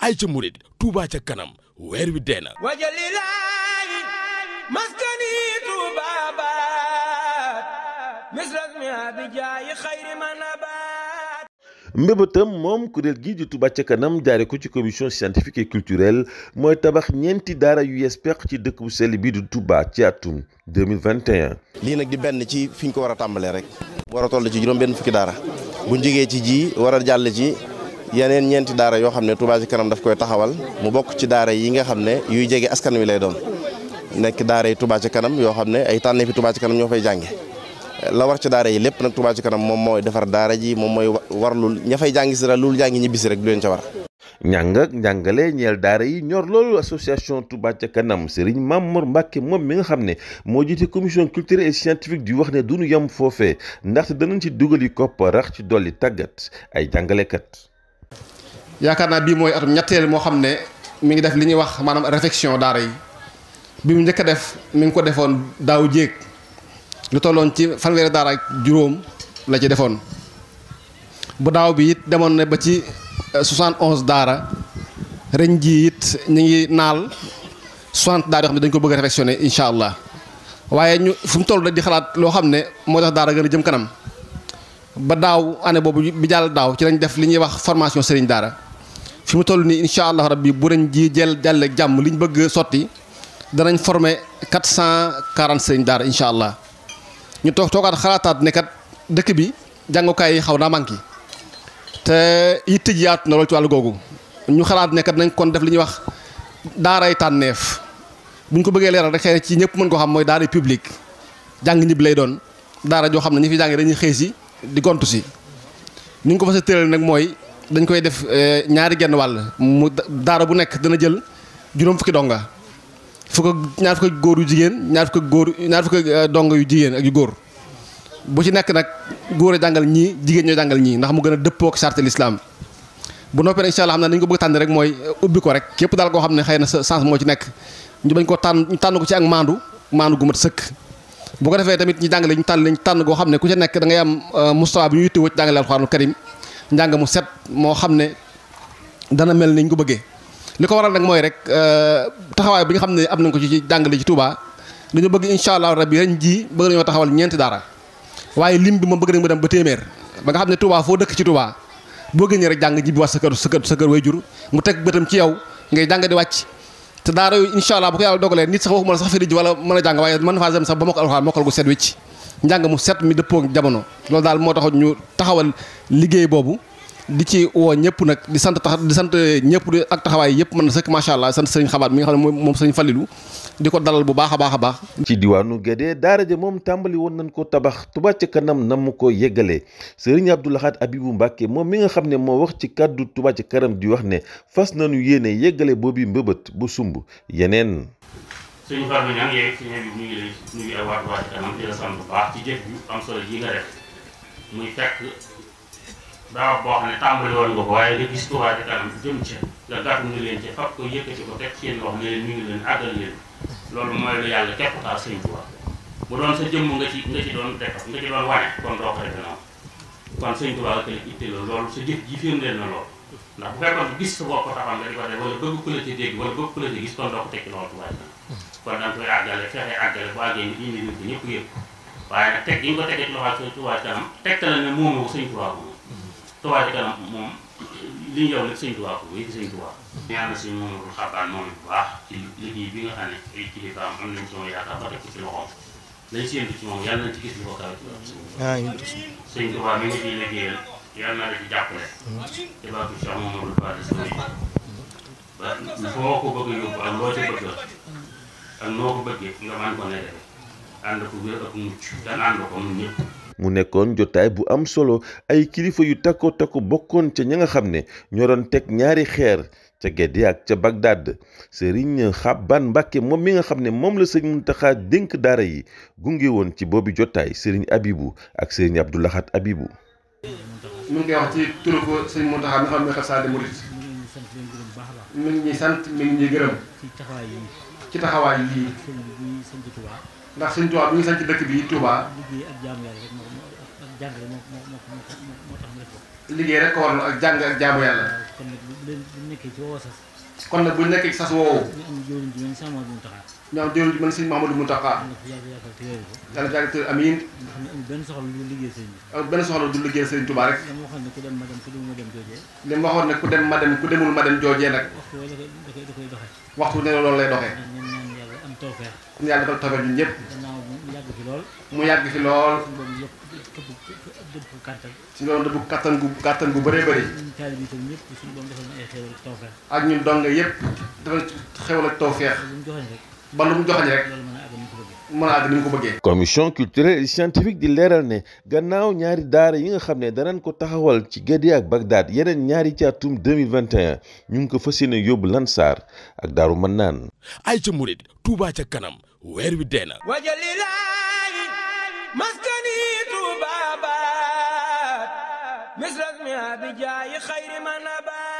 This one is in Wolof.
ay ca murit Touba ca kanam weer wi dee na wajalilaayi maskani Touba baat misras mi abijaayi xayri moom kuréel gii di Touba ca kanam jaare ko ci commission scientifique et culturelle mooy tabax ñeenti daara yu yees peq ci dëkk bu sell bii di Touba ci atum 2021 lii nag di benn ci fiñ ko war a tàmbalee rek war a toll ci juróom benn fukki daara bu ñu ci ji war jàll ci yeneen ñeenti daara yoo xam ne Touba ci kanam daf koy taxawal mu bokk ci daara yi nga xam ne yuy jege askan wi lay doon nekk daara yi Touba ci kanam yoo xam ne ay tànneefi Touba ci kanam ñoo fay jànge la war ci daara yi lépp nag Touba ci kanam moom mooy defar daara ji moom mooy warlul ña fay jàngi si dara loolu jàngi rek du ca war. njàng njàngale ñeel daara yi ñor loolu association Touba ca kanam Serigne Mamour Mbacke moom mi nga xam ne moo jiite commission culturelle et scientifique di wax ne du ñu yem foofee ndaxte danañ ci dugal yi kopparax ci dolli tàggat ay jàngalekat. yaakaar naa bii mooy atum ñetteel moo xam ne mi ngi def li ñuy wax maanaam réflexion daara yi bi mu njëkk a def mi ngi ko defoon daaw jéeg lu tolloon ci fanweeri daara ak juróom la ci defoon bu daaw bi it demoon na ba ci 71 euh, daara ren ji it ñu ngi naal 60 daara yoo xam ne dañu ko bëgg a réflexionné incha allah waaye ñu fu mu toll rek di xalaat loo xam ne moo tax daara gën a jëm kanam. ba daaw année boobu bi jàll daaw ci lañ def li ñuy wax formation sëriñ daara fi mu toll nii incha allah rabbi bu ren ji jël jàlle jàmm li ñu bëgg sotti danañ former 440 sëriñ daara incha allah ñu toog toogaat xalaataat ne dëkk bi jàngukaay yi xaw naa manqué te yitte ji yaatu na ci wàll googu ñu xalaat ne kat nañ kon def li ñuy wax daaray tànneef bu ñu ko bëggee leeral rek xëy ci ñëpp mën koo xam mooy daara publique jàng ñib lay doon daara joo xam ne ñi fi jàngee dañuy xëy si di gontu si ñu ngi ko fas a tëral nag mooy dañ koy def eh, ñaari genn wàll mu daara bu nekk dana jël juróom fukki donga fukk ak ñaar fukk góor yu jigéen ñaar fukk góor ñaar fukk eh, donga yu jigéen ak yu góor bu ci nekk nag góor a jàngal ñii jigéen ñoo jàngal ñii ndax mu gën a dëppook ak charte bu noppee nag incha allah xam ne nañu ko bëgg tànn rek mooy eh, ubbi ko rek képp daal koo xam ne xëy na sa sens moo ci nekk ñu bañ koo tànn ñu tànn ko ci ak maandu maandu gu mat sëkk bu ko defee tamit ñi jàngale ñu tànn lañ tànn goo xam ne ku ca nekk da am euh, mustawa bi ñu yittewoo ci jàngale alxuraanul karim njàng mu set moo xam ne dana mel niñ ko bëggee li ko waral nag mooy rek euh, taxawaay bi nga xam ne am nañ ko ci jàngale ci Touba dañu bëgg incha allah rabbi ren jii bëgg nañoo taxawal ñeenti daara waaye lim bi moom bëgg nañ mu dem ba téeméer ba nga xam ne Touba foo dëkk ci Touba boo génnee rek jàng ji bi wax sa kër sa kër sa kër way jur mu teg bëtam ci yow ngay jàng wàcc te daara yooyu incha allah bu ko yàlla dogalee nit sax waxuma la sax firij wala mën a jàng waaye mën faa dem sax ba mokkal alxuraan mokkal gu set njàng mu set mi dëppoo jamono loolu daal moo taxoon ñu taxawal liggéey boobu di ci woo ñëpp nag di sant tax di sant ñëpp di ak taxawaay yëpp mën na sëkk macha allah sant sëriñ xabaat mi nga xam ne moom sëriñ Fallilou di ko dalal bu baax a baax a baax. ci diwaanu Guédé daara ja moom tàmbali woon nañ ko tabax Touba ca kanam nam mu ko yeggalee sëriñ Abdou Lahad Abibou Mbacke moom mi nga xam ne moo wax ci kàddu Touba ca di wax ne fas nañu yéene yeggale boobu mbëbët bu sumb yeneen. suñu farlu ñaan ñu ngi lay nuyu ay waat waat bu baax ci muy fekk daa boo xam ne tàmbali woon nga ko waaye nga gis Touba ca kanam jëm ca nga gàttandu leen ca fab ko yëkkati ko teg seen loxo ne leen leen àggal leen loolu mooy lu yàlla teppataal sëñ Touba bu doon sa jëmm nga ci nga ci doon def nga ci doon wane kon doo ko defe noonu kon sëñ Touba kële itte sa jëf ji firndeel taxam nga di ko def wala bëgg ku la ci dégg wala bëgg ku la ci gis kon doo ko tekki loolu Touba kon da nga koy àggale fexe àggale bu àggee nit ñi nit ñi ñëpp yëpp waaye nag ko tegee ci loxo sëñ Touba kanam tegtal Touba ca li ñu yow lépp sëñ Touba ko wéy ci sëñ Touba ñaan na suñ Mamadou Xabaan moom bu baax ci liggéey bi nga xam ne ay kilifaam am ba def ko ci loxoom lañ séentu ci moom yàlla nañ ci gis lu ko kawe ci sëñ Touba mi ngi ciy liggéeyal yàlla na la ci jàppale te baax bi ko bëgg yóbbu ak ci bëgg ak noo ko bëggee nga man ko ne defe ànd ko wér ak mucc ko ñun mu nekkoon jotaay bu am solo ay kilifa yu takko takko bokkoon ca ña nga xam ne ñoo doon teg ñaari xeer ca Gédé ak ca Bagdad Serigne Xabban Mbàkke moom mi nga xam ne moom la sëñ Muntaxa dénk daara yi gunge woon ci boobu jotaay Serigne Abibu ak Serigne Abdou Abibu. jàngale moo moo moo ko. liggéey rek ko war ak jàng ak jaamu yàlla. kon bu bu nekkee ci woowu sas. kon nag bu nekkee ci sas woowu. ñu am jëwriñ ji mel ni sëñ Mamadou Mountakha. ñu am jëwriñ ji mel ni sëñ Mamadou Mountakha. yàlla jaay te amiin. nga xam ne amul benn soxla du liggéey sëñ bi. amul benn soxla du liggéey sëñ Tuubaa rek. li ne ku dem ma dem ku demul ma dem joojee. li ma waxoon ne ku dem ma dem ku demul ma dem joojee nag. waxtu wala da koy lay doxee. mu yàgg fi lool. kattan. loolu dafa bëgg kattan gu kattan gu bëree bëri. ñun taalibe yi ñu ay xéwal ak tawfeex. ak ñun donga yëpp defal ak tawfeex. ba mu joxañ rek. mën a àgg ni mu ko bëggee. commission culturelle et scientifique di leeral ne gannaaw ñaari daara yi nga xam ne danañ ko taxawal ci Guédé ak Bagdad yeneen ñaari ci atum 2021 ñu ngi ko fas yéene yóbbu Lansar ak Daaru Mannaan. ay ca murit Touba ca kanam weer wi dee na. wajal ilaahi maskani Touba. misras mi abi jaayi xayri man abaa